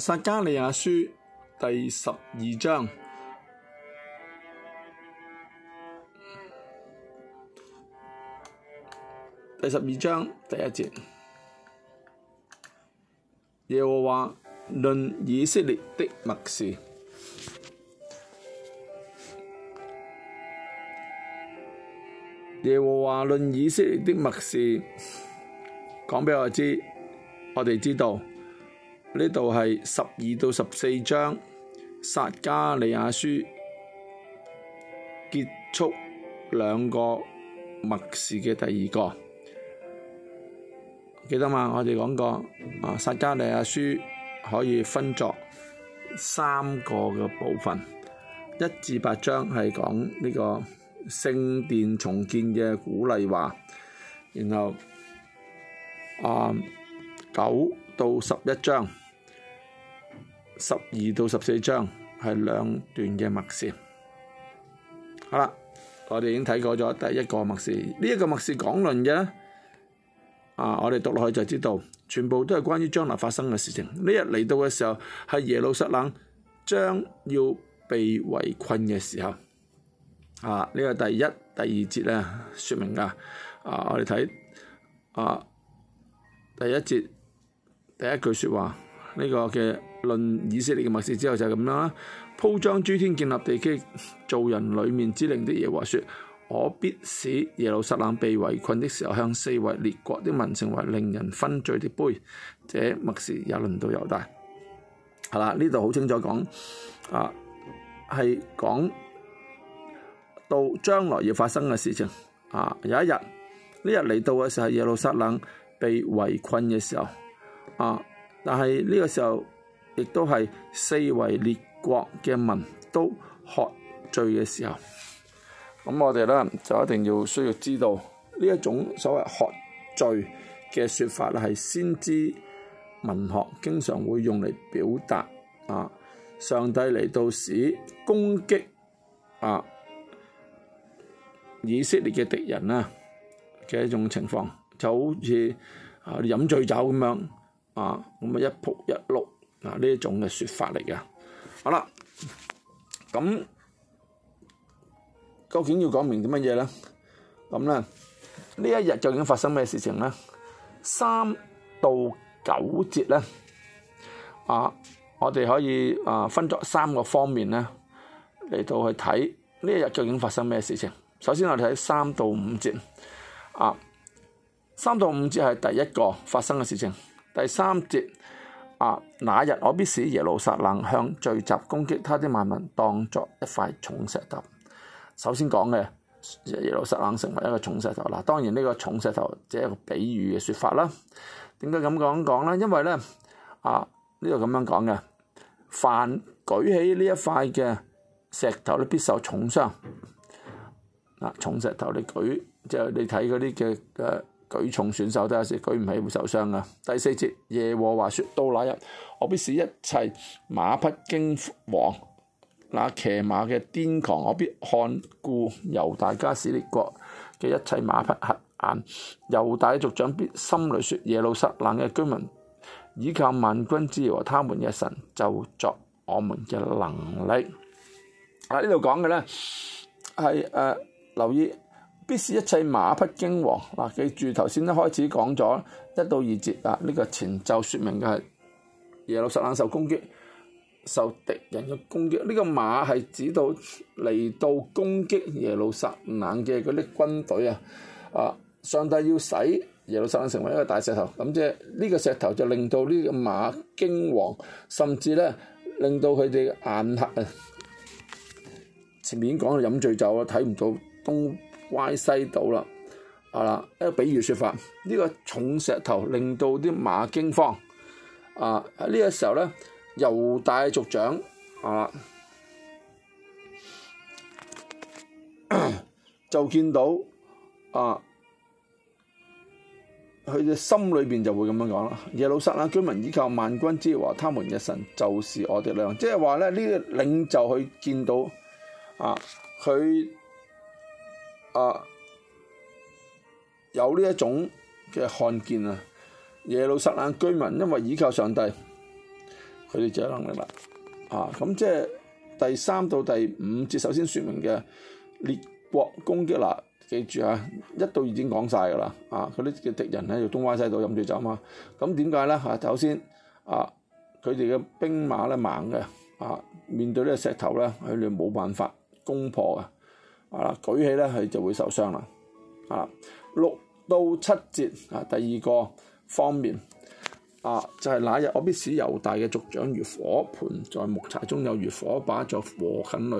撒迦利亞書第十二章，第十二章第一節，耶和華論以色列的默示。耶和華論以色列的默示講畀我知，我哋知道。呢度係十二到十四章撒迦利亞書結束兩個默示嘅第二個，記得嘛？我哋講過啊，撒迦利亞書可以分作三個嘅部分，一至八章係講呢個聖殿重建嘅鼓勵話，然後啊九到十一章。十二到十四章係兩段嘅默示。好啦，我哋已經睇過咗第一個默示。呢一個默示講論嘅咧，啊，我哋讀落去就知道，全部都係關於將來發生嘅事情。呢日嚟到嘅時候係耶路撒冷將要被圍困嘅時候。啊，呢個第一第二節咧，說明㗎。啊，我哋睇啊第一節第一句說話呢個嘅。論以色列嘅默示之後就係咁樣啦，鋪張諸天，建立地基，造人裏面之靈的耶和華說：我必使耶路撒冷被圍困的時候，向四圍列國的民成為令人昏醉的杯。這默示也輪到猶大。係、嗯、啦，呢度好清楚講，啊，係講到將來要發生嘅事情，啊，有一日呢日嚟到嘅時候，耶路撒冷被圍困嘅時候，啊，但係呢個時候，亦都係四圍列國嘅民都喝醉嘅時候，咁我哋咧就一定要需要知道呢一種所謂喝醉嘅説法咧，係先知文學經常會用嚟表達啊上帝嚟到時攻擊啊以色列嘅敵人啊嘅一種情況，就好似啊飲醉酒咁樣啊，咁啊一仆一碌。啊！呢一種嘅説法嚟㗎，好啦，咁究竟要講明啲乜嘢咧？咁咧呢一日究竟發生咩事情咧？三到九節咧，啊，我哋可以啊分作三個方面咧嚟到去睇呢一日究竟發生咩事情。首先我哋睇三到五節，啊，三到五節係第一個發生嘅事情，第三節。啊！那日我必使耶路撒冷向聚集攻擊他的萬民，當作一塊重石頭。首先講嘅耶路撒冷成為一個重石頭。嗱，當然呢個重石頭只係一個比喻嘅説法啦。點解咁講講咧？因為咧啊，呢度咁樣講嘅，凡舉起呢一塊嘅石頭，都必受重傷。嗱、啊，重石頭你舉，即係你睇嗰啲嘅嘅。舉重選手有時，舉唔起會受傷啊！第四節，耶和華說：到那日，我必使一切馬匹驚惶，那騎馬嘅癲狂，我必看顧猶大家使列國嘅一切馬匹瞎眼。猶大族長必心裏說：耶路撒冷嘅居民倚靠萬軍之耶和華他們嘅神，就作我們嘅能力。啊！呢度講嘅呢係誒，留意。必使一切馬匹驚惶。嗱，記住頭先一開始講咗一到二節啊，呢個前奏説明嘅係耶路撒冷受攻擊、受敵人嘅攻擊。呢個馬係指到嚟到攻擊耶路撒冷嘅嗰啲軍隊啊！啊，上帝要使耶路撒冷成為一個大石頭，咁即係呢個石頭就令到呢個馬驚惶，甚至咧令到佢哋眼黑啊！前面講飲醉酒啊，睇唔到東。怪勢到啦，係啦，一個比喻説法，呢、這個重石頭令到啲馬驚慌，啊呢、這個時候咧，猶大族長係、啊、就見到啊，佢嘅心裏邊就會咁樣講啦。耶路撒冷居民依靠萬軍之華，他們嘅神就是我哋兩，即係話咧呢、這個領袖去見到啊，佢。啊，有呢一種嘅看見啊！耶路撒冷居民因為倚靠上帝，佢哋就有能力啦。啊，咁即係第三到第五節首先説明嘅列國攻擊嗱，記住啊，一到二已經講曬㗎啦。啊，佢啲嘅敵人喺就東歪西倒飲住酒啊。咁點解咧？嚇、啊，首先啊，佢哋嘅兵馬咧猛嘅，啊，面對呢個石頭咧，佢哋冇辦法攻破啊。啊！舉起咧，佢就會受傷啦。啊，六到七節啊，第二個方面啊，就係、是、那日我必使猶大嘅族長如火盆在木柴中，又如火把在禾捆內。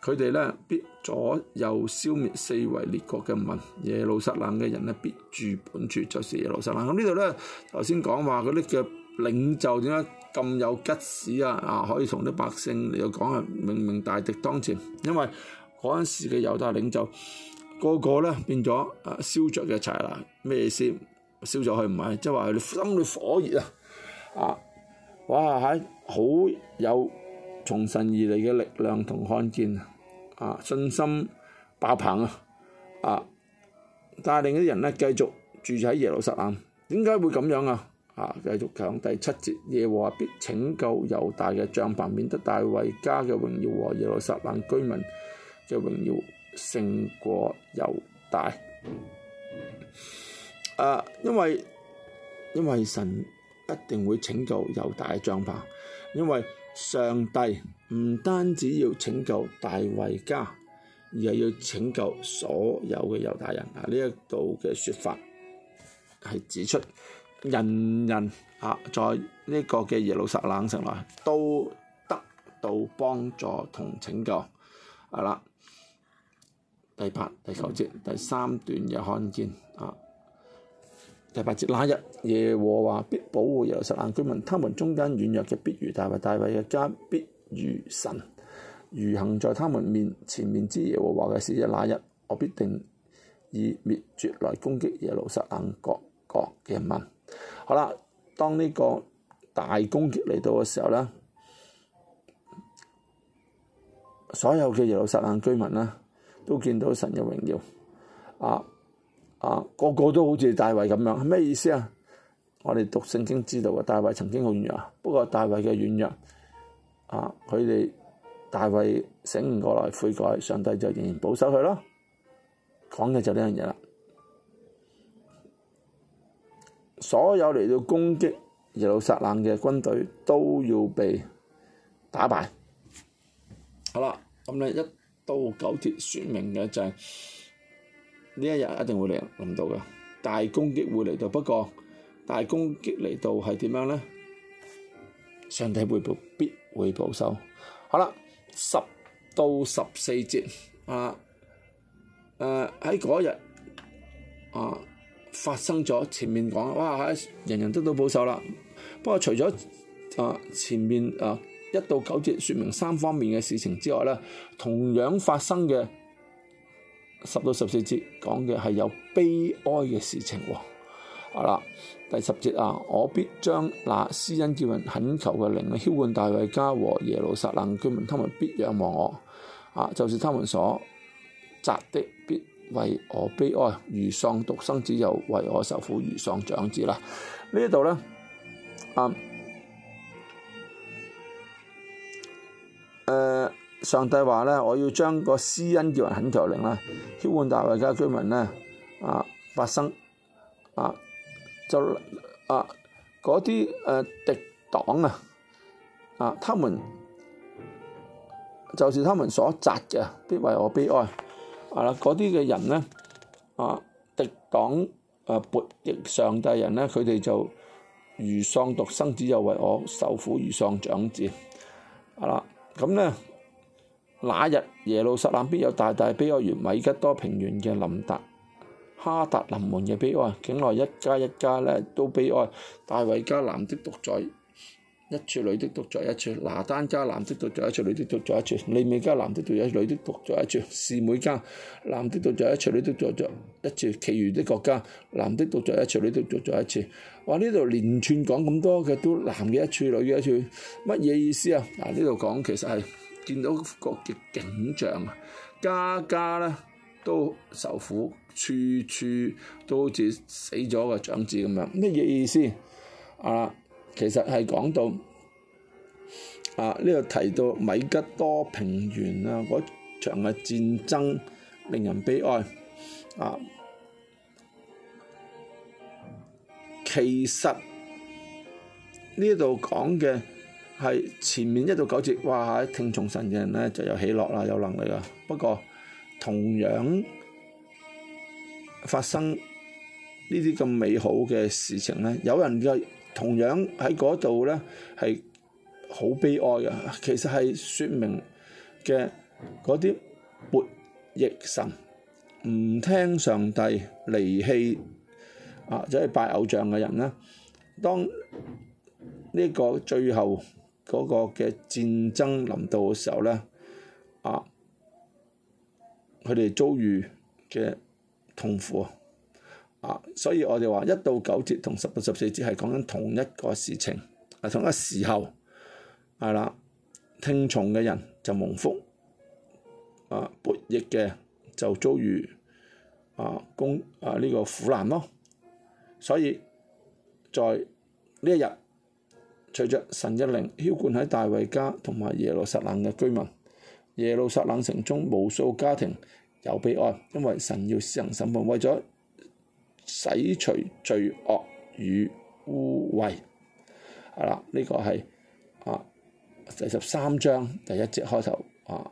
佢哋咧必左右消滅四圍列國嘅民。耶路撒冷嘅人咧必住本住，就是耶路撒冷。咁呢度咧頭先講話嗰啲嘅領袖點解咁有吉屎啊？啊，可以同啲百姓嚟講啊，明明大敵當前，因為。嗰陣時嘅猶大領袖個個咧變咗啊，燒着嘅柴啦，咩先？思？燒咗佢唔係，即係話佢哋心裏火熱啊！啊，哇係好有從神而嚟嘅力量同看見啊，信心爆棚啊！啊，帶領嗰啲人咧繼續住喺耶路撒冷。點解會咁樣啊？啊，繼續講第七節，耶和華必拯救猶大嘅帳篷，免得大衛家嘅榮耀和耶路撒冷居民。嘅榮耀勝過猶大，啊、因為因為神一定會拯救猶大帳棚，因為上帝唔單止要拯救大衞家，而係要拯救所有嘅猶大人啊！呢一度嘅説法係指出，人人啊，在呢個嘅耶路撒冷城內都得到幫助同拯救，係、啊、啦。第八、第九節第三段又看見啊，第八節，那日耶和華必保護耶路撒冷居民，他們中間軟弱嘅必如大衞，大衞嘅家必如神。如行在他們面前面之耶和華嘅使者那一，那日我必定以滅絕來攻擊耶路撒冷各國嘅人民。好啦，當呢個大攻擊嚟到嘅時候呢，所有嘅耶路撒冷居民咧。都見到神嘅榮耀，啊啊個個都好似大衛咁樣，係咩意思啊？我哋讀聖經知道啊，大衛曾經好軟弱，不過大衛嘅軟弱，啊佢哋大衛醒唔過來悔改，上帝就仍然保守佢咯。講嘅就呢樣嘢啦。所有嚟到攻擊耶路撒冷嘅軍隊都要被打敗。好啦，咁你一。到九節，就是，說明嘅就係呢一日一定會嚟嚟到嘅，大攻擊會嚟到。不過大攻擊嚟到係點樣呢？上帝會保必會保守。好啦，十到十四節啊，喺嗰日啊，啊發生咗，前面講哇，人人得到保守啦。不過除咗啊，前面啊。一到九節，説明三方面嘅事情之外咧，同樣發生嘅十到十四節講嘅係有悲哀嘅事情喎。啦，第十節啊，我必將那施恩叫人懇求嘅靈啊，澆灌大衛家和耶路撒冷居民，他們必仰望我。啊，就是他們所扎的必為我悲哀，如喪獨生子，又為我受苦，如喪長子啦。呢一度咧，啊、嗯。誒、呃、上帝話咧，我要將個施恩叫人懇求靈啦，喚大衞家居民咧啊發生啊就啊嗰啲誒敵黨啊啊，啊，他們就是他們所擲嘅必為我悲哀，係啦嗰啲嘅人咧啊敵黨啊叛逆上帝人咧，佢哋就如喪獨生子又為我受苦如喪長子，係、啊、啦。咁呢，那日耶路撒冷必有大大悲哀，如米吉多平原嘅林達哈達林門嘅悲哀，境內一家一家呢都悲哀大加，大衞家男的獨在。一處女的獨在一處，拿單家男的獨在一處，女的獨在一處；利未家男的獨在一處，女的獨在一處；示每家男的獨在一處，女的獨在一處；其餘的國家男的獨在一處，女的獨在一處。哇！呢度連串講咁多嘅都男嘅一處，女嘅一處，乜嘢意思啊？嗱，呢度講其實係見到個嘅景象啊，家家咧都受苦，處處都好似死咗個長子咁樣，乜嘢意思啊？其實係講到啊，呢度提到米吉多平原啊，嗰場嘅戰爭令人悲哀啊。其實呢度講嘅係前面一到九節，哇！聽從神嘅人咧就有喜樂啦，有能力啦。不過同樣發生呢啲咁美好嘅事情咧，有人嘅。同樣喺嗰度咧係好悲哀嘅，其實係説明嘅嗰啲悖逆神唔聽上帝離棄啊，即係拜偶像嘅人咧，當呢個最後嗰個嘅戰爭臨到嘅時候咧，啊，佢哋遭遇嘅痛苦。啊、所以我哋話一到九節同十到十四節係講緊同一個事情，係、啊、同一個時候，係啦。聽從嘅人就蒙福，啊，悖逆嘅就遭遇啊，攻啊呢、這個苦難咯。所以在呢一日，隨着神一令澆灌喺大衛家同埋耶路撒冷嘅居民，耶路撒冷城中無數家庭有悲哀，因為神要施行審判，為咗洗除罪惡與污穢，係啦，呢個係啊第十三章第一節開頭啊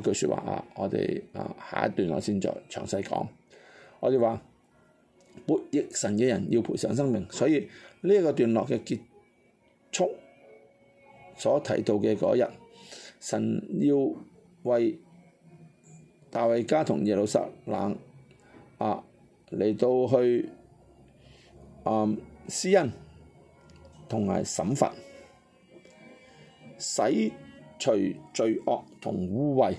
句説話啊，我哋啊下一段我先再詳細講。我哋話悖逆神嘅人要賠償生命，所以呢一個段落嘅結束所提到嘅嗰日，神要為大衞家同耶路撒冷啊。嚟到去啊，嗯，施恩同埋審罰，洗除罪惡同污穢。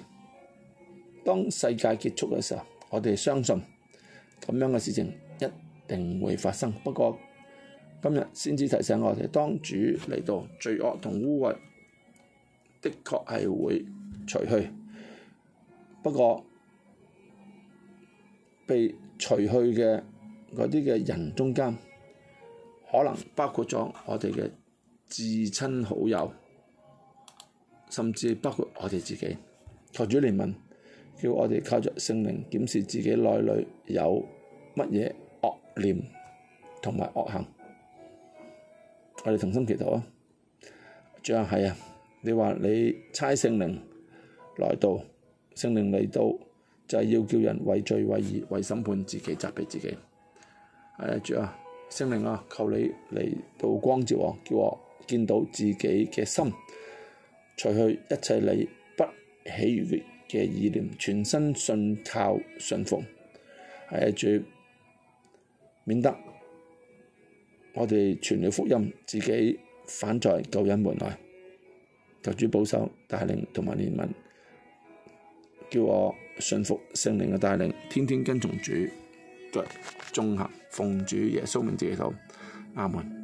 當世界結束嘅時候，我哋相信咁樣嘅事情一定會發生。不過今日先至提醒我哋，當主嚟到，罪惡同污穢的確係會除去。不過，被除去嘅嗰啲嘅人中間，可能包括咗我哋嘅至親好友，甚至包括我哋自己。求主憐憫，叫我哋靠着聖靈檢視自己內裏有乜嘢惡念同埋惡行。我哋同心祈禱啊！主啊，係啊，你話你差聖靈來到，聖靈嚟到。就係要叫人為罪、為義、為審判自己責備自己。誒主啊，聖靈啊，求你嚟曝光照我，叫我見到自己嘅心，除去一切你不喜悅嘅意念，全身信靠信奉。誒主，免得我哋傳了福音，自己反在救人門外。求主保守、帶領同埋憐憫，叫我，信服聖靈嘅帶領，天天跟從主腳蹤行，奉主耶穌名字起頭，阿門。